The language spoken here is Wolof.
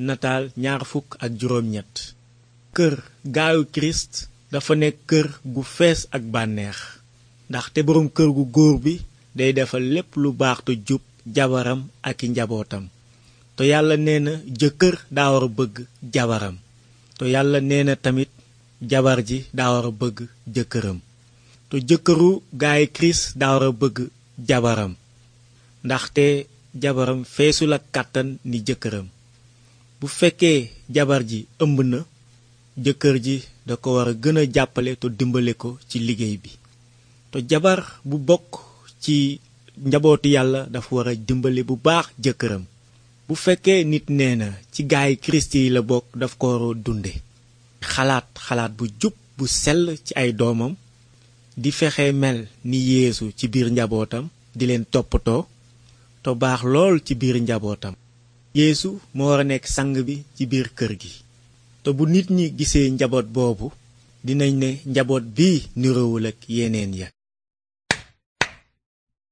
nataal ñaar fukk kër gaayu kirist dafa nekk kër gu fees ak bànneex ndaxte boroom kër gu góor bi day defal lépp lu baax te jub jabaram ak i njabootam te yàlla nee jëkkër daa bëgg jabaram te yàlla nee na tamit jabar ji daa a bëgg jëkkëram te jëkkëru gaayu kirist daa bëgg jabaram ndaxte jabaram feesul ak kàttan ni jëkkëram bu fekkee jabar ji ëmb na jëkkër ji da ko war a gën a jàppale te dimbale ko ci liggéey bi te jabar bu bokk ci njabootu yàlla dafa war a dimbali bu baax jëkkëram bu fekkee nit nee na ci gaay kirist yi la bokk daf ko war a dunde xalaat xalaat bu jub bu sell ci ay doomam di fexe mel ni yéesu ci biir njabootam di leen toppatoo te baax lool ci biir njabootam yéesu moo war a nekk sang bi ci biir kër gi te bu nit ñi gisee njaboot boobu dinañ ne njaboot bi niroowul ak yeneen ya